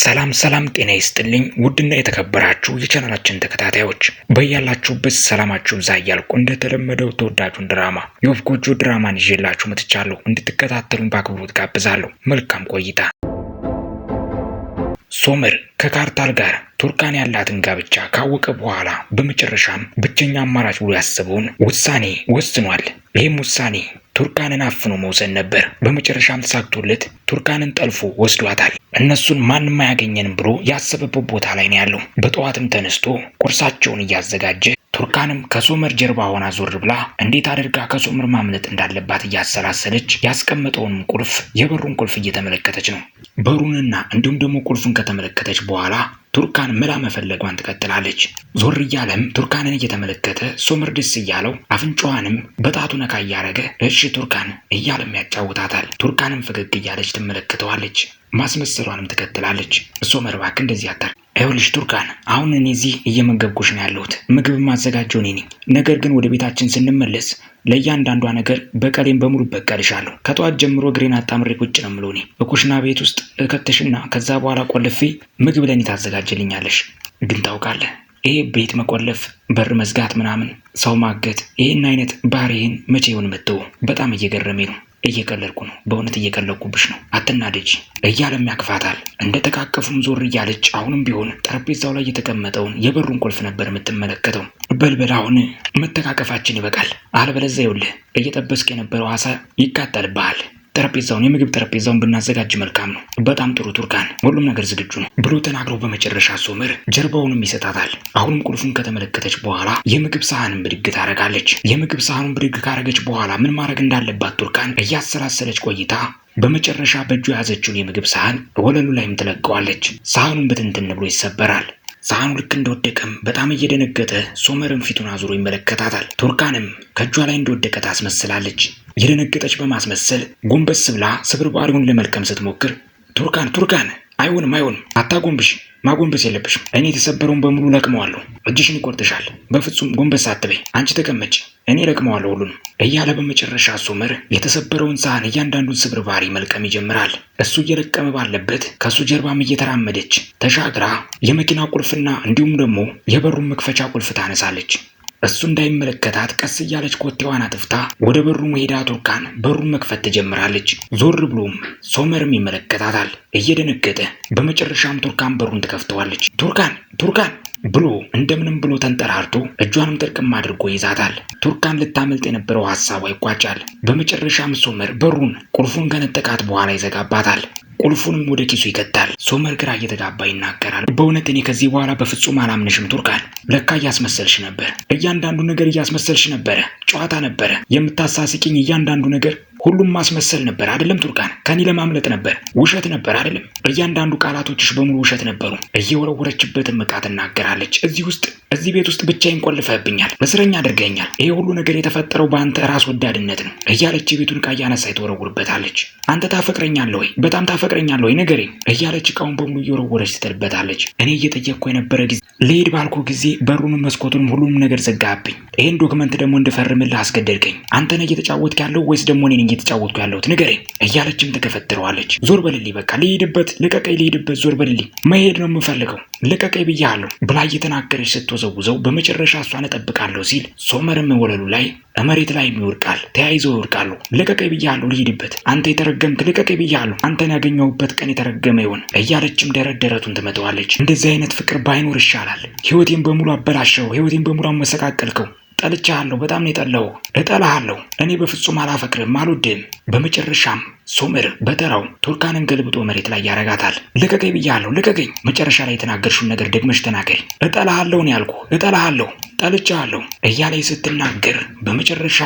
ሰላም ሰላም፣ ጤና ይስጥልኝ ውድና የተከበራችሁ የቻናላችን ተከታታዮች በያላችሁበት ሰላማችሁ ብዛ እያልኩ እንደተለመደው ተወዳጁን ድራማ የወፍ ጎጆ ድራማን ይዤላችሁ መጥቻለሁ። እንድትከታተሉን በአክብሮት ጋብዛለሁ። መልካም ቆይታ። ሶመር ከካርታል ጋር ቱርካን ያላትን ጋብቻ ካወቀ በኋላ በመጨረሻም ብቸኛ አማራጭ ብሎ ያስበውን ውሳኔ ወስኗል። ይህም ውሳኔ ቱርካንን አፍኖ መውሰድ ነበር። በመጨረሻም ተሳክቶለት ቱርካንን ጠልፎ ወስዷታል። እነሱን ማንም አያገኘንም ብሎ ያሰበበት ቦታ ላይ ነው ያለው። በጠዋትም ተነስቶ ቁርሳቸውን እያዘጋጀ ቱርካንም ከሶመር ጀርባ ሆና ዞር ብላ እንዴት አድርጋ ከሶመር ማምለጥ እንዳለባት እያሰላሰለች ያስቀመጠውንም ቁልፍ የበሩን ቁልፍ እየተመለከተች ነው። በሩንና እንዲሁም ደግሞ ቁልፉን ከተመለከተች በኋላ ቱርካን መላ መፈለጓን ትቀጥላለች። ዞር እያለም ቱርካንን እየተመለከተ ሶመር ደስ እያለው አፍንጫዋንም በጣቱ ነካ እያደረገ እሺ ቱርካን እያለም ያጫውታታል። ቱርካንም ፈገግ እያለች ትመለከተዋለች። ማስመሰሏንም ትቀጥላለች። ሶመር እባክህ እንደዚህ አታር ይኸውልሽ ቱርካን፣ አሁን እኔ እዚህ እየመገብኩሽ ነው ያለሁት። ምግብ ማዘጋጀው እኔ ነኝ። ነገር ግን ወደ ቤታችን ስንመለስ ለእያንዳንዷ ነገር በቀሌን በሙሉ በቀልሻለሁ። ከጠዋት ጀምሮ እግሬን አጣምሬ ቁጭ ነው የምለው። እኔ በኩሽና ቤት ውስጥ እከትሽና ከዛ በኋላ ቆልፌ ምግብ ለእኔ ታዘጋጅልኛለሽ። ግን ታውቃለህ ይሄ ቤት መቆለፍ፣ በር መዝጋት፣ ምናምን ሰው ማገት፣ ይህን አይነት ባህሪህን መቼ ይሆን መተው? በጣም እየገረሜ ነው። እየቀለድኩ ነው። በእውነት እየቀለድኩብሽ ነው። አትናደጅ እያለም ያቅፋታል። እንደ ተቃቀፉም ዞር እያለች አሁንም ቢሆን ጠረጴዛው ላይ የተቀመጠውን የበሩን ቁልፍ ነበር የምትመለከተው። በልበል አሁን መተቃቀፋችን ይበቃል፣ አለበለዚያ ይኸውልህ እየጠበስክ የነበረው አሳ ይቃጠልብሃል። ጠረጴዛውን የምግብ ጠረጴዛውን ብናዘጋጅ መልካም ነው። በጣም ጥሩ ቱርካን፣ ሁሉም ነገር ዝግጁ ነው ብሎ ተናግሮ በመጨረሻ ሶመር ጀርባውንም ይሰጣታል። አሁንም ቁልፉን ከተመለከተች በኋላ የምግብ ሳህንን ብድግ ታረጋለች። የምግብ ሳህኑን ብድግ ካረገች በኋላ ምን ማድረግ እንዳለባት ቱርካን እያሰላሰለች ቆይታ በመጨረሻ በእጁ የያዘችውን የምግብ ሳህን ወለሉ ላይም ትለቀዋለች። ሳህኑን በትንትን ብሎ ይሰበራል። ሳህኑ ልክ እንደወደቀም በጣም እየደነገጠ ሶመርም ፊቱን አዙሮ ይመለከታታል። ቱርካንም ከእጇ ላይ እንደወደቀ ታስመስላለች። የደነገጠች በማስመሰል ጎንበስ ብላ ስብርባሪውን ለመልቀም ስትሞክር ቱርካን ቱርካን አይሆንም አይሆንም፣ አታጎንብሽ ማጎንበስ የለብሽም። እኔ የተሰበረውን በሙሉ ለቅመዋለሁ። እጅሽን ይቆርጥሻል። በፍጹም ጎንበስ አትበይ። አንቺ ተቀመጭ፣ እኔ ለቅመዋለሁ ሁሉንም እያለ በመጨረሻ ሶመር የተሰበረውን ሳህን እያንዳንዱን ስብርባሪ መልቀም ይጀምራል። እሱ እየለቀመ ባለበት ከእሱ ጀርባም እየተራመደች ተሻግራ የመኪና ቁልፍና እንዲሁም ደግሞ የበሩን መክፈቻ ቁልፍ ታነሳለች። እሱ እንዳይመለከታት ቀስ እያለች ኮቴዋን አጥፍታ ወደ በሩ መሄዳ ቱርካን በሩን መክፈት ትጀምራለች። ዞር ብሎም ሶመርም ይመለከታታል እየደነገጠ። በመጨረሻም ቱርካን በሩን ትከፍተዋለች። ቱርካን ቱርካን ብሎ እንደምንም ብሎ ተንጠራርቶ እጇንም ጥርቅም አድርጎ ይዛታል። ቱርካን ልታመልጥ የነበረው ሀሳቧ ይቋጫል። በመጨረሻም ሶመር በሩን ቁልፉን ከነጠቃት በኋላ ይዘጋባታል። ቁልፉንም ወደ ኪሱ ይከታል። ሶመር ግራ እየተጋባ ይናገራል። በእውነት እኔ ከዚህ በኋላ በፍጹም አላምንሽም ቱርካን። ለካ እያስመሰልሽ ነበር። እያንዳንዱ ነገር እያስመሰልሽ ነበረ። ጨዋታ ነበረ የምታሳስቂኝ። እያንዳንዱ ነገር ሁሉም ማስመሰል ነበር አይደለም ቱርካን? ከኔ ለማምለጥ ነበር። ውሸት ነበር አይደለም? እያንዳንዱ ቃላቶችሽ በሙሉ ውሸት ነበሩ። እየወረወረችበትን ምቃ ትናገራለች። እዚህ ውስጥ እዚህ ቤት ውስጥ ብቻዬን ቆልፈህብኛል፣ እስረኛ አድርገኛል። ይሄ ሁሉ ነገር የተፈጠረው በአንተ ራስ ወዳድነት ነው እያለች የቤቱን እቃ እያነሳች ትወረውርበታለች። አንተ ታፈቅረኛለህ ወይ? በጣም ታፈቅረኛለህ ወይ? ንገረኝ እያለች ዕቃውን በሙሉ እየወረወረች ትጥልበታለች። እኔ እየጠየቅኩ የነበረ ጊዜ ልሄድ ባልኩ ጊዜ በሩንም መስኮቱንም ሁሉም ነገር ዘጋብኝ። ይህን ዶክመንት ደግሞ እንድፈርምልህ አስገደድከኝ። አንተ ነህ እየተጫወትክ ያለው ወይስ ደግሞ እኔ እየተጫወትኩ ያለሁት ንገረኝ እያለችም ተከፈትረዋለች። ዞር በልልኝ፣ በቃ ልሂድበት፣ ልቀቀኝ፣ ልሂድበት፣ ዞር በልልኝ፣ መሄድ ነው የምፈልገው፣ ልቀቀኝ ብያለሁ ብላ እየተናገረች ስትወዘውዘው በመጨረሻ እሷን እጠብቃለሁ ሲል ሶመርም ወለሉ ላይ መሬት ላይ ይወድቃል። ተያይዘው ይወድቃሉ። ልቀቀኝ ብያለሁ፣ ልሂድበት፣ አንተ የተረገምክ ልቀቀኝ ብያለሁ፣ አንተን ያገኘሁበት ቀን የተረገመ ይሆን እያለችም ደረት ደረቱን ትመተዋለች። እንደዚህ አይነት ፍቅር ባይኖር ይሻላል። ህይወቴን በሙሉ አበላሸው፣ ህይወቴን በሙሉ አመሰቃቀልከው ጠልቻለሁ። በጣም ነው የጠላሁ። እጠላሃለሁ። እኔ በፍጹም አላፈቅርም፣ አልወድም። በመጨረሻም ሶምር በጠራው ቱርካንን ገልብጦ መሬት ላይ ያረጋታል። ልቀቀኝ ብያለሁ፣ ልቀቀኝ። መጨረሻ ላይ የተናገርሽውን ነገር ደግመሽ ተናገሪ። እጠላሃለሁ ነው ያልኩ፣ እጠላሃለሁ፣ ጠልቻለሁ እያለች ስትናገር በመጨረሻ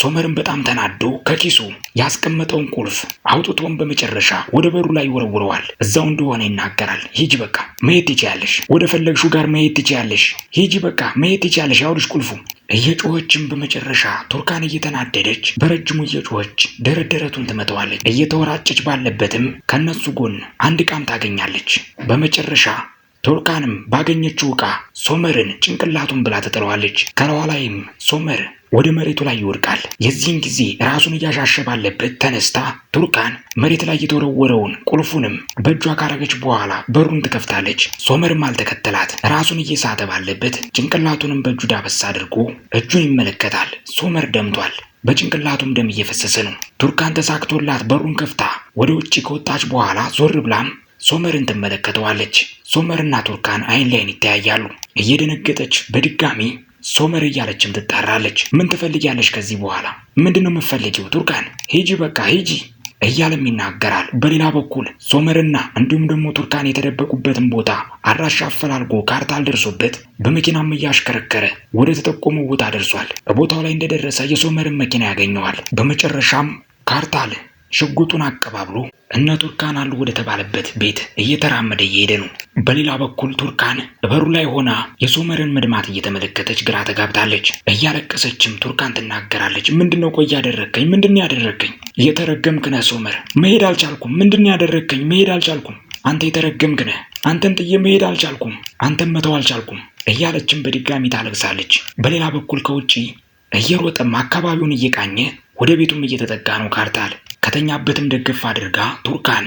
ሶመርን በጣም ተናዶ ከኪሱ ያስቀመጠውን ቁልፍ አውጥቶን በመጨረሻ ወደ በሩ ላይ ይወረውረዋል። እዛው እንደሆነ ይናገራል። ሂጂ በቃ መሄድ ትችያለሽ፣ ወደ ፈለግሹ ጋር መሄድ ትችያለሽ። ሂጂ በቃ መሄድ ትችያለሽ፣ ያውልሽ ቁልፉ። እየጮኸችም በመጨረሻ ቱርካን እየተናደደች በረጅሙ እየጮኸች ደረደረቱን ትመተዋለች። እየተወራጨች ባለበትም ከነሱ ጎን አንድ ዕቃም ታገኛለች። በመጨረሻ ቶርካንም ባገኘችው ዕቃ ሶመርን ጭንቅላቱን ብላ ትጥለዋለች። ከኋላይም ሶመር ወደ መሬቱ ላይ ይወድቃል። የዚህን ጊዜ ራሱን እያሻሸ ባለበት ተነስታ ቱርካን መሬት ላይ የተወረወረውን ቁልፉንም በእጇ ካረገች በኋላ በሩን ትከፍታለች። ሶመርም አልተከተላት። ራሱን እየሳተ ባለበት ጭንቅላቱንም በእጁ ዳበስ አድርጎ እጁን ይመለከታል። ሶመር ደምቷል። በጭንቅላቱም ደም እየፈሰሰ ነው። ቱርካን ተሳክቶላት በሩን ከፍታ ወደ ውጭ ከወጣች በኋላ ዞር ብላም ሶመርን ትመለከተዋለች። ሶመርና ቱርካን አይን ላይን ይተያያሉ። እየደነገጠች በድጋሚ ሶመር እያለችም ትጣራለች። ምን ትፈልጊያለሽ? ከዚህ በኋላ ምንድን ነው የምትፈልጊው? ቱርካን ሂጂ፣ በቃ ሂጂ እያለም ይናገራል። በሌላ በኩል ሶመርና እንዲሁም ደግሞ ቱርካን የተደበቁበትን ቦታ አድራሻ አፈላልጎ ካርታ አልደርሶበት በመኪናም እያሽከረከረ ወደ ተጠቆመው ቦታ ደርሷል። በቦታው ላይ እንደደረሰ የሶመርን መኪና ያገኘዋል። በመጨረሻም ካርታል ሽጉጡን አቀባብሎ እነ ቱርካን አሉ ወደ ተባለበት ቤት እየተራመደ እየሄደ ነው። በሌላ በኩል ቱርካን በሩ ላይ ሆና የሶመርን መድማት እየተመለከተች ግራ ተጋብታለች። እያለቀሰችም ቱርካን ትናገራለች። ምንድን ነው ቆይ ያደረግከኝ? ምንድን ያደረግከኝ? የተረገምክ ነህ ሶመር። መሄድ አልቻልኩም። ምንድን ያደረግከኝ? መሄድ አልቻልኩም። አንተ የተረገምክ ነህ። አንተን ጥዬ መሄድ አልቻልኩም። አንተን መተው አልቻልኩም እያለችም በድጋሚ ታለቅሳለች። በሌላ በኩል ከውጪ እየሮጠም አካባቢውን እየቃኘ ወደ ቤቱም እየተጠጋ ነው ካርታል። ከተኛበትም ደገፍ አድርጋ ቱርካን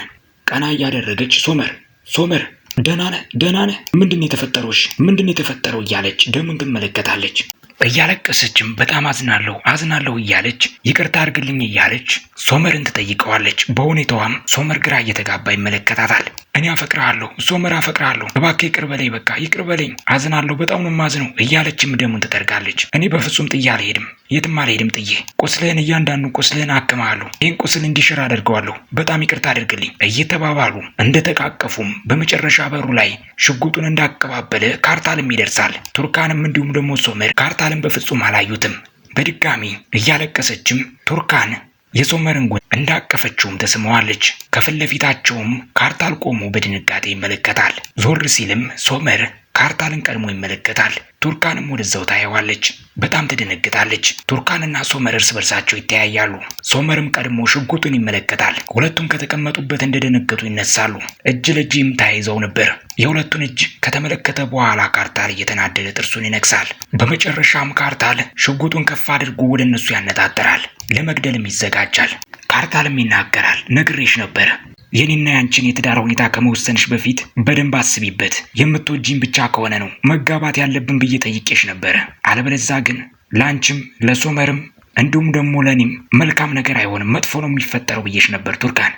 ቀና እያደረገች ሶመር ሶመር ደህና ነህ ደህና ነህ ምንድን ነው ምንድን ነው የተፈጠረው እያለች ደሙን ትመለከታለች። እያለቀሰችም በጣም አዝናለሁ አዝናለሁ እያለች ይቅርታ አድርግልኝ እያለች ሶመርን ትጠይቀዋለች። በሁኔታዋም ሶመር ግራ እየተጋባ ይመለከታታል። እኔ አፈቅርሃለሁ፣ ሶመር አፈቅርሃለሁ፣ እባክህ ይቅር በለኝ፣ በቃ ይቅር በለኝ፣ አዝናለሁ፣ በጣም ነው የማዝነው እያለችም ደሙን ትጠርጋለች። እኔ በፍጹም ጥዬ አልሄድም፣ የትም አልሄድም ጥዬ። ቁስልህን፣ እያንዳንዱ ቁስልህን አክምሃለሁ፣ ይህን ቁስል እንዲሽር አደርገዋለሁ፣ በጣም ይቅርታ አድርግልኝ እየተባባሉ እንደተቃቀፉም በመጨረሻ በሩ ላይ ሽጉጡን እንዳቀባበለ ካርታልም ይደርሳል። ቱርካንም እንዲሁም ደግሞ ሶመር ካርታልን በፍጹም አላዩትም። በድጋሚ እያለቀሰችም ቱርካን የሶመርን ጉን እንዳቀፈችውም ተስመዋለች። ከፊት ለፊታቸውም ካርታል ቆሞ በድንጋጤ ይመለከታል። ዞር ሲልም ሶመር ካርታልን ቀድሞ ይመለከታል። ቱርካንም ወደዛው ታየዋለች። በጣም ትደነግጣለች። ቱርካንና ሶመር እርስ በርሳቸው ይተያያሉ። ሶመርም ቀድሞ ሽጉጡን ይመለከታል። ሁለቱም ከተቀመጡበት እንደደነገጡ ይነሳሉ። እጅ ለእጅም ተያይዘው ነበር። የሁለቱን እጅ ከተመለከተ በኋላ ካርታል እየተናደደ ጥርሱን ይነክሳል። በመጨረሻም ካርታል ሽጉጡን ከፍ አድርጎ ወደ እነሱ ያነጣጠራል። ለመግደልም ይዘጋጃል። ካርታልም ይናገራል። ነግሬሽ ነበረ የኔና ያንቺን የትዳር ሁኔታ ከመወሰንሽ በፊት በደንብ አስቢበት። የምትወጂኝ ብቻ ከሆነ ነው መጋባት ያለብን ብዬ ጠይቄሽ ነበረ። አለበለዛ ግን ለአንቺም ለሶመርም እንዲሁም ደግሞ ለእኔም መልካም ነገር አይሆንም፣ መጥፎ ነው የሚፈጠረው ብዬሽ ነበር ቱርካን።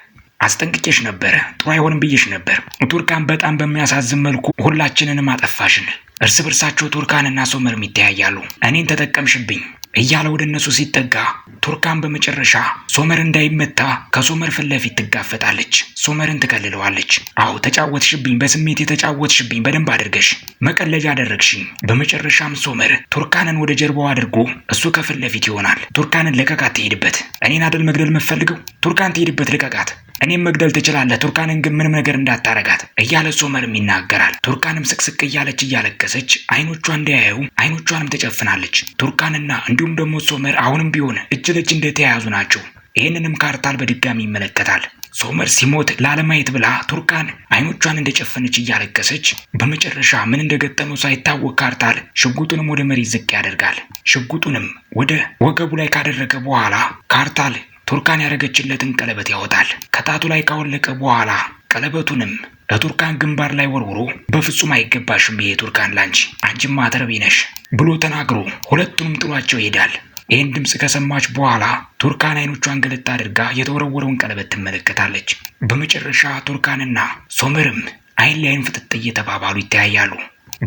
አስጠንቅቄሽ ነበረ፣ ጥሩ አይሆንም ብዬሽ ነበር ቱርካን። በጣም በሚያሳዝን መልኩ ሁላችንንም አጠፋሽን። እርስ በርሳቸው ቱርካንና ሶመርም ይተያያሉ። እኔን ተጠቀምሽብኝ፣ እያለ ወደ እነሱ ሲጠጋ ቱርካን በመጨረሻ ሶመር እንዳይመታ ከሶመር ፊት ለፊት ትጋፈጣለች። ሶመርን ትከልለዋለች። አዎ ተጫወትሽብኝ፣ በስሜት የተጫወትሽብኝ፣ በደንብ አድርገሽ መቀለጃ አደረግሽኝ። በመጨረሻም ሶመር ቱርካንን ወደ ጀርባው አድርጎ እሱ ከፊት ለፊት ይሆናል። ቱርካንን ለቀቃት፣ ትሄድበት። እኔን አደል መግደል የምትፈልገው? ቱርካን ትሄድበት፣ ልቀቃት። እኔም መግደል ትችላለህ፣ ቱርካንን ግን ምንም ነገር እንዳታረጋት እያለ ሶመርም ይናገራል። ቱርካንም ስቅስቅ እያለች እያለቀሰች አይኖቿ እንዳያዩ አይኖቿንም ተጨፍናለች። ቱርካንና እንዲሁም ደግሞ ሶመር አሁንም ቢሆን እጅ ለእጅ እንደተያያዙ ናቸው። ይህንንም ካርታል በድጋሚ ይመለከታል። ሶመር ሲሞት ላለማየት ብላ ቱርካን አይኖቿን እንደጨፈነች እያለቀሰች በመጨረሻ ምን እንደገጠመው ሳይታወቅ ካርታል ሽጉጡንም ወደ መሬት ዝቅ ያደርጋል። ሽጉጡንም ወደ ወገቡ ላይ ካደረገ በኋላ ካርታል ቱርካን ያደረገችለትን ቀለበት ያወጣል። ከጣቱ ላይ ካወለቀ በኋላ ቀለበቱንም ለቱርካን ግንባር ላይ ወርውሮ በፍጹም አይገባሽም ይሄ ቱርካን ላንቺ፣ አንቺማ አትረቢ ነሽ ብሎ ተናግሮ ሁለቱንም ጥሏቸው ይሄዳል። ይህን ድምፅ ከሰማች በኋላ ቱርካን አይኖቿን ገለጣ አድርጋ የተወረወረውን ቀለበት ትመለከታለች። በመጨረሻ ቱርካንና ሶመርም አይን ላይን ፍጥጥ እየተባባሉ ይተያያሉ።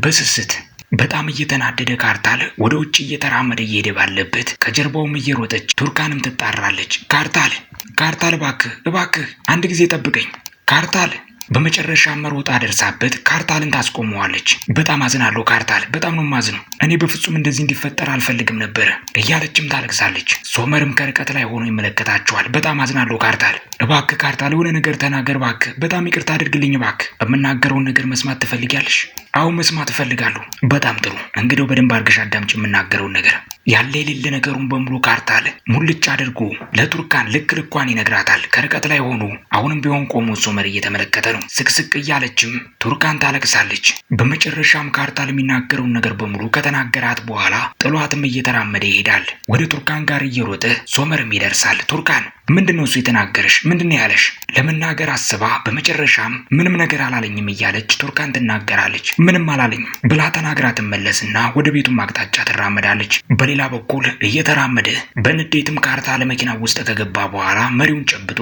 በስስት በጣም እየተናደደ ካርታል ወደ ውጭ እየተራመደ እየሄደ ባለበት ከጀርባውም እየሮጠች ቱርካንም ትጣራለች። ካርታል ካርታል፣ እባክህ እባክህ አንድ ጊዜ ጠብቀኝ ካርታል በመጨረሻ መሮጣ ደርሳበት ካርታልን ታስቆመዋለች። በጣም አዝናለሁ ካርታል፣ በጣም ነው ማዝነው። እኔ በፍጹም እንደዚህ እንዲፈጠር አልፈልግም ነበረ እያለችም ታለቅሳለች። ሶመርም ከርቀት ላይ ሆኖ ይመለከታቸዋል። በጣም አዝናለሁ ካርታል፣ እባክህ ካርታል፣ የሆነ ነገር ተናገር እባክህ፣ በጣም ይቅርታ አድርግልኝ እባክህ። የምናገረውን ነገር መስማት ትፈልጊያለሽ? አዎ መስማት እፈልጋለሁ። በጣም ጥሩ እንግዲው በደንብ አድርገሽ አዳምጪ የምናገረውን ነገር። ያለ የሌለ ነገሩን በሙሉ ካርታል ሙልጭ አድርጎ ለቱርካን ልክ ልኳን ይነግራታል። ከርቀት ላይ ሆኖ አሁንም ቢሆን ቆሞ ሶመር እየተመለከተ ነው። ስቅስቅ እያለችም ቱርካን ታለቅሳለች። በመጨረሻም ካርታል የሚናገረውን ነገር በሙሉ ከተናገራት በኋላ ጥሏትም እየተራመደ ይሄዳል። ወደ ቱርካን ጋር እየሮጠ ሶመርም ይደርሳል። ቱርካን ምንድን ነው እሱ የተናገረሽ? ምንድን ነው ያለሽ? ለመናገር አስባ በመጨረሻም ምንም ነገር አላለኝም እያለች ቱርካን ትናገራለች። ምንም አላለኝም ብላ ተናግራ ትመለስና ወደ ቤቱም አቅጣጫ ትራመዳለች። በሌላ በኩል እየተራመደ በንዴትም ካርታ ለመኪና ውስጥ ከገባ በኋላ መሪውን ጨብጦ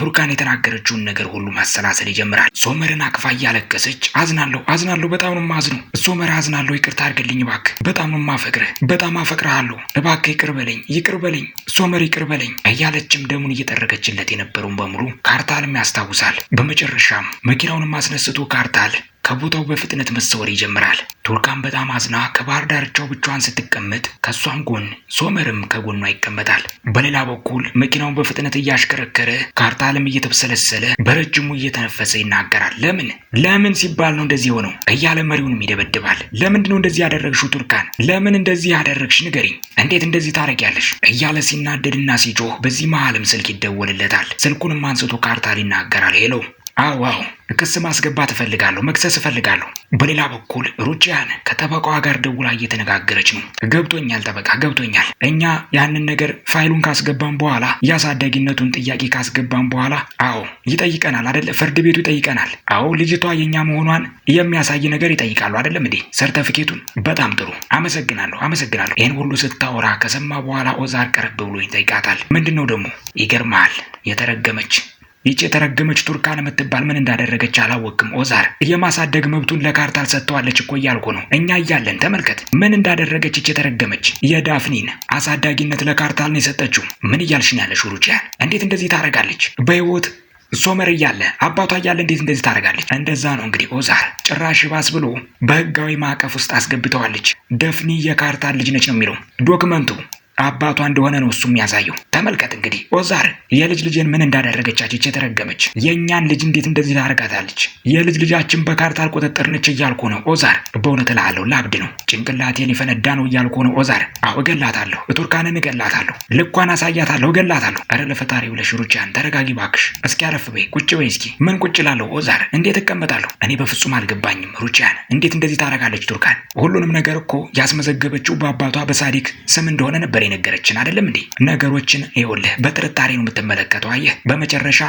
ቱርካን የተናገረችውን ነገር ሁሉ ማሰላሰል ይጀምራል። ሶመርን አቅፋ እያለቀሰች አዝናለሁ፣ አዝናለሁ፣ በጣም ነው የማዝነው ሶመር፣ አዝናለሁ፣ ይቅርታ አድርግልኝ እባክህ፣ በጣም ነው የማፈቅርህ፣ በጣም አፈቅርሃለሁ፣ እባክህ ይቅር በለኝ፣ ይቅር በለኝ ሶመር፣ ይቅር በለኝ እያለችም ደሙን እየጠረገችለት የነበረውን በሙሉ ካርታልም ያስታውሳል። በመጨረሻም መኪናውንም አስነስቶ ካርታል ከቦታው በፍጥነት መሰወር ይጀምራል። ቱርካን በጣም አዝና ከባህር ዳርቻው ብቻዋን ስትቀመጥ ከእሷም ጎን ሶመርም ከጎኗ ይቀመጣል። በሌላ በኩል መኪናውን በፍጥነት እያሽከረከረ ካርታ አለም እየተብሰለሰለ በረጅሙ እየተነፈሰ ይናገራል። ለምን ለምን ሲባል ነው እንደዚህ የሆነው እያለ መሪውንም ይደበድባል። ለምንድነው ነው እንደዚህ ያደረግሽው ቱርካን? ለምን እንደዚህ ያደረግሽ ንገሪኝ። እንዴት እንደዚህ ታረጊያለሽ? እያለ ሲናደድና ሲጮህ በዚህ መሃልም ስልክ ይደወልለታል። ስልኩንም አንስቶ ካርታል ይናገራል። ሄሎ አዋው ክስ ማስገባት እፈልጋለሁ፣ መክሰስ እፈልጋለሁ። በሌላ በኩል ሩቺያን ከጠበቃዋ ጋር ደውላ እየተነጋገረች ነው። ገብቶኛል ጠበቃ ገብቶኛል። እኛ ያንን ነገር ፋይሉን ካስገባን በኋላ የአሳዳጊነቱን ጥያቄ ካስገባን በኋላ አዎ ይጠይቀናል አደለ? ፍርድ ቤቱ ይጠይቀናል። አዎ ልጅቷ የእኛ መሆኗን የሚያሳይ ነገር ይጠይቃሉ አደለም እንዴ? ሰርተፍኬቱን። በጣም ጥሩ አመሰግናለሁ፣ አመሰግናለሁ። ይህን ሁሉ ስታወራ ከሰማ በኋላ ኦዛር ቀረብ ብሎ ይጠይቃታል። ምንድን ነው ደግሞ ይገርመሃል፣ የተረገመች ይቺ የተረገመች ቱርካን የምትባል ምን እንዳደረገች አላወቅም። ኦዛር የማሳደግ መብቱን ለካርታል ሰጥተዋለች እኮ እያልኩ ነው። እኛ እያለን ተመልከት ምን እንዳደረገች ይቺ የተረገመች። የዳፍኒን አሳዳጊነት ለካርታል ነው የሰጠችው። ምን እያልሽ ነው ያለሽ? እንዴት እንደዚህ ታደርጋለች? በህይወት ሶመር እያለ አባቷ እያለ እንዴት እንደዚህ ታደርጋለች? እንደዛ ነው እንግዲህ ኦዛር። ጭራሽ ባስ ብሎ በህጋዊ ማዕቀፍ ውስጥ አስገብተዋለች። ደፍኒ የካርታል ልጅ ነች ነው የሚለው ዶክመንቱ። አባቷ እንደሆነ ነው እሱ የሚያሳየው። ተመልከት እንግዲህ ኦዛር የልጅ ልጅን ምን እንዳደረገቻች የተረገመች የእኛን ልጅ እንዴት እንደዚህ ታደርጋታለች? የልጅ ልጃችን በካርታ አልቆጠጠር ነች እያልኩ ነው ኦዛር። በእውነት እልሃለሁ ላብድ ነው ጭንቅላቴን የፈነዳ ነው እያልኩ ነው ኦዛር። አሁ እገላታለሁ፣ እቱርካንን እገላታለሁ፣ ልኳን አሳያታለሁ፣ እገላታለሁ። ኧረ ለፈጣሪ ብለሽ ተረጋጊ ባክሽ እስኪ አረፍ በይ፣ ቁጭ በይ እስኪ። ምን ቁጭ እላለሁ ኦዛር? እንዴት እቀመጣለሁ? እኔ በፍጹም አልገባኝም። ሩቻን፣ እንዴት እንደዚህ ታደርጋለች? ቱርካን ሁሉንም ነገር እኮ ያስመዘገበችው በአባቷ በሳዲክ ስም እንደሆነ ነበር የነገረችን አይደለም እንዴ? ነገሮችን ይኸውልህ በጥርጣሬ ነው የምትመለከተው። አየህ በመጨረሻ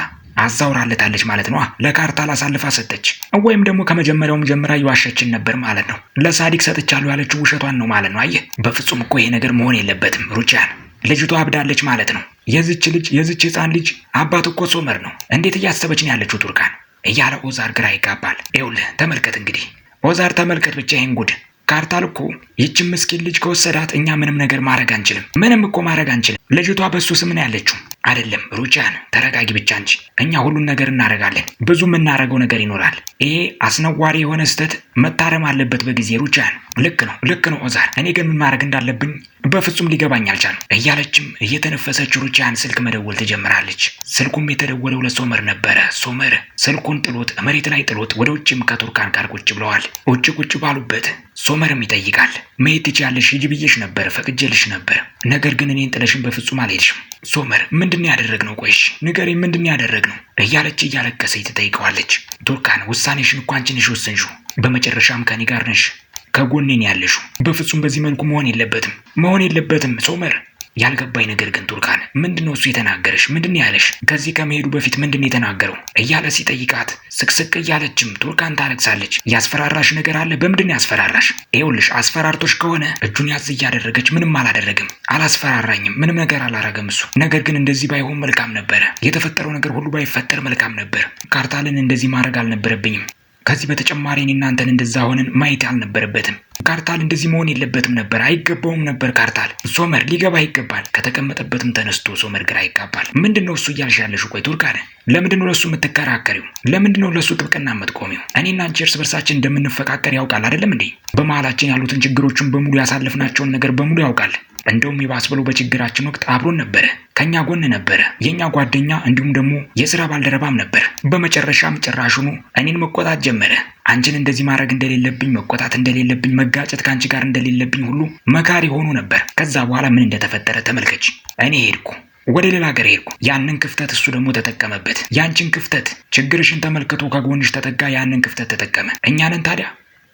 አዛውራለታለች ማለት ነው። ለካርታ ላሳልፋ ሰጠች፣ ወይም ደግሞ ከመጀመሪያውም ጀምራ የዋሸችን ነበር ማለት ነው። ለሳዲቅ ሰጥቻለሁ ያለችው ውሸቷን ነው ማለት ነው። አየህ በፍጹም እኮ ይሄ ነገር መሆን የለበትም ሩቺያን ልጅቷ አብዳለች ማለት ነው። የዚች ልጅ የዚች ህፃን ልጅ አባት እኮ ሶመር ነው። እንዴት እያሰበች ነው ያለችው ቱርካን? እያለ ኦዛር ግራ ይጋባል። ይኸውልህ ተመልከት እንግዲህ ኦዛር ተመልከት ብቻ ይህን ጉድ ካርታል እኮ ይህችን ምስኪን ልጅ ከወሰዳት እኛ ምንም ነገር ማድረግ አንችልም። ምንም እኮ ማድረግ አንችልም። ልጅቷ በሱ ስም ነው ያለችው። አይደለም ሩቺያን ተረጋጊ ብቻ እንጂ እኛ ሁሉን ነገር እናደርጋለን። ብዙ የምናደርገው ነገር ይኖራል። ይሄ አስነዋሪ የሆነ ስህተት መታረም አለበት በጊዜ ሩቺያን። ልክ ነው ልክ ነው ኦዛር፣ እኔ ግን ምን ማድረግ እንዳለብኝ በፍጹም ሊገባኝ አልቻለም። እያለችም እየተነፈሰች ሩጫን ስልክ መደወል ትጀምራለች። ስልኩም የተደወለው ለሶመር ነበረ። ሶመር ስልኩን ጥሎት መሬት ላይ ጥሎት ወደ ውጭም ከቱርካን ጋር ቁጭ ብለዋል። ውጭ ቁጭ ባሉበት ሶመርም ይጠይቃል መሄድ ትችያለሽ፣ ሂጂ ብዬሽ ነበር፣ ፈቅጄልሽ ነበር። ነገር ግን እኔን ጥለሽን በፍጹም አልሄድሽም። ሶመር ምንድን ያደረግነው? ቆይሽ ንገሪኝ፣ ምንድን ያደረግነው? እያለች እያለቀሰች ትጠይቀዋለች። ቱርካን ውሳኔሽን እኮ አንቺ ነሽ ወሰንሽው። በመጨረሻም ከኔ ጋር ነሽ፣ ከጎኔን ያለሽው። በፍጹም በዚህ መልኩ መሆን የለበትም፣ መሆን የለበትም ሶመር ያልገባኝ ነገር ግን ቱርካን ምንድን ነው እሱ የተናገረሽ? ምንድን ያለሽ? ከዚህ ከመሄዱ በፊት ምንድን የተናገረው እያለ ሲጠይቃት ስቅስቅ እያለችም ቱርካን ታለቅሳለች። ያስፈራራሽ ነገር አለ? በምንድን ያስፈራራሽ? ይኸውልሽ አስፈራርቶች ከሆነ እጁን ያዝ እያደረገች ምንም አላደረግም፣ አላስፈራራኝም፣ ምንም ነገር አላረገም እሱ። ነገር ግን እንደዚህ ባይሆን መልካም ነበረ። የተፈጠረው ነገር ሁሉ ባይፈጠር መልካም ነበር። ካርታልን እንደዚህ ማድረግ አልነበረብኝም። ከዚህ በተጨማሪ እኔ እናንተን እንደዛ ሆነን ማየት አልነበረበትም። ካርታል እንደዚህ መሆን የለበትም ነበር፣ አይገባውም ነበር። ካርታል ሶመር ሊገባ ይገባል። ከተቀመጠበትም ተነስቶ ሶመር ግራ ይጋባል። ምንድን ነው እሱ እያልሽ ያለሽው? ቆይ ቱርካን፣ ለምንድን ነው ለእሱ የምትከራከሪው? ለምንድን ነው ለእሱ ጥብቅና የምትቆሚው? እኔና አንቺ እርስ በርሳችን እንደምንፈቃቀር ያውቃል አይደለም እንዴ? በመሀላችን ያሉትን ችግሮችን በሙሉ ያሳለፍናቸውን ነገር በሙሉ ያውቃል። እንደውም ይባስ ብሎ በችግራችን ወቅት አብሮን ነበረ፣ ከኛ ጎን ነበረ፣ የኛ ጓደኛ እንዲሁም ደግሞ የስራ ባልደረባም ነበር። በመጨረሻም ጭራሹኑ እኔን መቆጣት ጀመረ። አንቺን እንደዚህ ማድረግ እንደሌለብኝ፣ መቆጣት እንደሌለብኝ፣ መጋጨት ከአንቺ ጋር እንደሌለብኝ ሁሉ መካሪ ሆኖ ነበር። ከዛ በኋላ ምን እንደተፈጠረ ተመልከች። እኔ ሄድኩ፣ ወደ ሌላ ሀገር ሄድኩ። ያንን ክፍተት እሱ ደግሞ ተጠቀመበት። ያንቺን ክፍተት ችግርሽን ተመልክቶ ከጎንሽ ተጠጋ፣ ያንን ክፍተት ተጠቀመ። እኛንን ታዲያ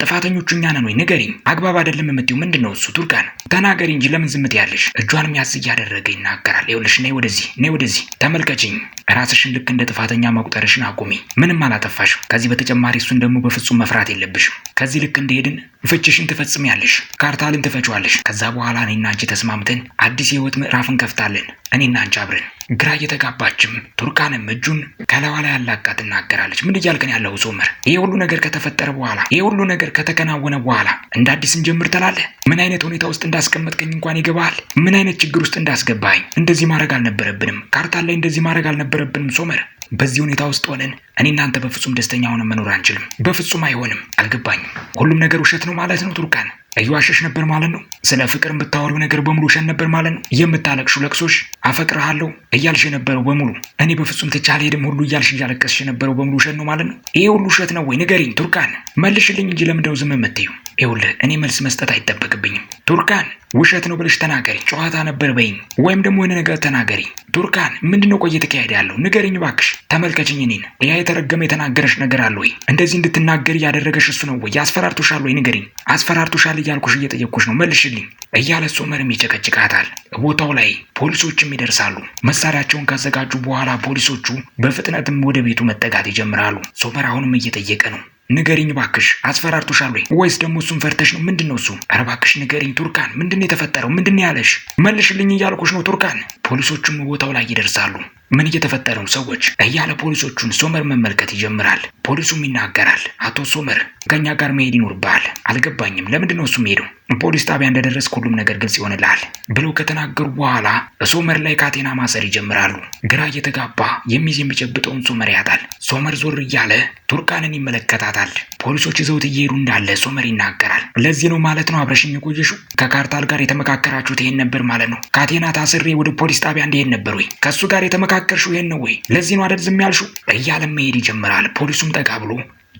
ጥፋተኞቹ እኛ ነን ወይ ንገሪኝ። አግባብ አይደለም የምትይው ምንድን ነው እሱ? ቱርካን ተናገሪ እንጂ ለምን ዝምት ያለሽ? እጇንም ያዝ እያደረገ ይናገራል። ይኸውልሽ፣ ነይ ወደዚህ፣ ነይ ወደዚህ፣ ተመልከችኝ። ራስሽን ልክ እንደ ጥፋተኛ መቁጠርሽን አቁሚ። ምንም አላጠፋሽም። ከዚህ በተጨማሪ እሱን ደግሞ በፍጹም መፍራት የለብሽም። ከዚህ ልክ እንደሄድን ፍችሽን ትፈጽሚያለሽ፣ ካርታልን ትፈጫዋለሽ። ከዛ በኋላ እኔና አንቺ ተስማምተን አዲስ የህይወት ምዕራፍ እንከፍታለን። እኔና አንቺ አብረን ግራ እየተጋባችም ቱርካንም እጁን ከላዋ ላይ ያላቃ ትናገራለች። ምን እያልከን ያለው ሶመር? ይሄ ሁሉ ነገር ከተፈጠረ በኋላ ይሄ ሁሉ ነገር ከተከናወነ በኋላ እንደ አዲስ እንጀምር ትላለህ? ምን አይነት ሁኔታ ውስጥ እንዳስቀመጥከኝ እንኳን ይገባሃል? ምን አይነት ችግር ውስጥ እንዳስገባኝ። እንደዚህ ማድረግ አልነበረብንም። ካርታ ላይ እንደዚህ ማድረግ አልነበረብንም ሶመር። በዚህ ሁኔታ ውስጥ ሆነን እኔ እናንተ በፍጹም ደስተኛ ሆነ መኖር አንችልም። በፍጹም አይሆንም። አልገባኝም። ሁሉም ነገር ውሸት ነው ማለት ነው ቱርካን እየዋሸሽ ነበር ማለት ነው። ስለ ፍቅር የምታወሪው ነገር በሙሉ ውሸት ነበር ማለት ነው። የምታለቅሹ ለቅሶሽ አፈቅርሃለሁ እያልሽ የነበረው በሙሉ እኔ በፍጹም ትቼ አልሄድም ሁሉ እያልሽ እያለቀስሽ የነበረው በሙሉ ውሸት ነው ማለት ነው። ይሄ ሁሉ ውሸት ነው ወይ ንገሪኝ ቱርካን፣ መልሽልኝ እንጂ ለምንድነው ዝም የምትይው? ይኸውልህ እኔ መልስ መስጠት አይጠበቅብኝም። ቱርካን ውሸት ነው ብለሽ ተናገሪ፣ ጨዋታ ነበር በይኝ፣ ወይም ደግሞ የሆነ ነገር ተናገሪ። ቱርካን ምንድን ነው ቆይ ያለው ንገርኝ ባክሽ ተመልከችኝ እኔን። ያ የተረገመ የተናገረሽ ነገር አለ ወይ? እንደዚህ እንድትናገር ያደረገሽ እሱ ነው ወይ? ያስፈራርቱሻል ወይ ንገሪኝ። አስፈራርቱሻል እያልኩሽ እየጠየቅኩሽ ነው፣ መልሽልኝ እያለ ሶመርም ይጨቀጭቃታል። ቦታው ላይ ፖሊሶችም ይደርሳሉ። መሳሪያቸውን ካዘጋጁ በኋላ ፖሊሶቹ በፍጥነትም ወደ ቤቱ መጠጋት ይጀምራሉ። ሶመር አሁንም እየጠየቀ ነው። ንገሪኝ እባክሽ አስፈራርቶሻል ወይ? ወይስ ደግሞ እሱን ፈርተሽ ነው? ምንድን ነው እሱ? ኧረ እባክሽ ንገሪኝ ቱርካን፣ ምንድን ነው የተፈጠረው? ምንድን ነው ያለሽ? መልሽልኝ እያልኩሽ ነው ቱርካን። ፖሊሶቹም ቦታው ላይ ይደርሳሉ። ምን እየተፈጠረ ነው ሰዎች እያለ ፖሊሶቹን ሶመር መመልከት ይጀምራል። ፖሊሱም ይናገራል። አቶ ሶመር ከእኛ ጋር መሄድ ይኖርብሃል። አልገባኝም። ለምንድን ነው እሱ ሄደው ፖሊስ ጣቢያ እንደደረስክ ሁሉም ነገር ግልጽ ይሆንልሃል ብለው ከተናገሩ በኋላ ሶመር ላይ ካቴና ማሰር ይጀምራሉ። ግራ እየተጋባ የሚይዝ የሚጨብጠውን ሶመር ያጣል። ሶመር ዞር እያለ ቱርካንን ይመለከታታል። ፖሊሶች ይዘውት እየሄዱ እንዳለ ሶመር ይናገራል። ለዚህ ነው ማለት ነው አብረሽኝ የቆየሽው? ከካርታል ጋር የተመካከራችሁት ይሄን ነበር ማለት ነው? ካቴና ታስሬ ወደ ፖሊስ ጣቢያ እንደሄድ ነበር ወይ ከእሱ ጋር የተመካ የተመካከርሽው ይህን ነው ወይ? ለዚህ ነው አደል ዝም ያልሽው? እያለም መሄድ ይጀምራል። ፖሊሱም ጠጋ ብሎ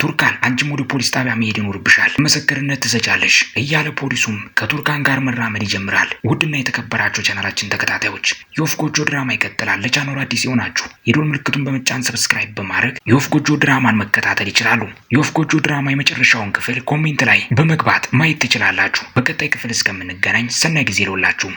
ቱርካን አንቺም ወደ ፖሊስ ጣቢያ መሄድ ይኖርብሻል፣ ምስክርነት ትሰጫለሽ እያለ ፖሊሱም ከቱርካን ጋር መራመድ ይጀምራል። ውድና የተከበራቸው ቻናላችን ተከታታዮች የወፍ ጎጆ ድራማ ይቀጥላል። ለቻናሉ አዲስ የሆናችሁ የዶል ምልክቱን በመጫን ሰብስክራይብ በማድረግ የወፍ ጎጆ ድራማን መከታተል ይችላሉ። የወፍ ጎጆ ድራማ የመጨረሻውን ክፍል ኮሜንት ላይ በመግባት ማየት ትችላላችሁ። በቀጣይ ክፍል እስከምንገናኝ ሰናይ ጊዜ ይለውላችሁ።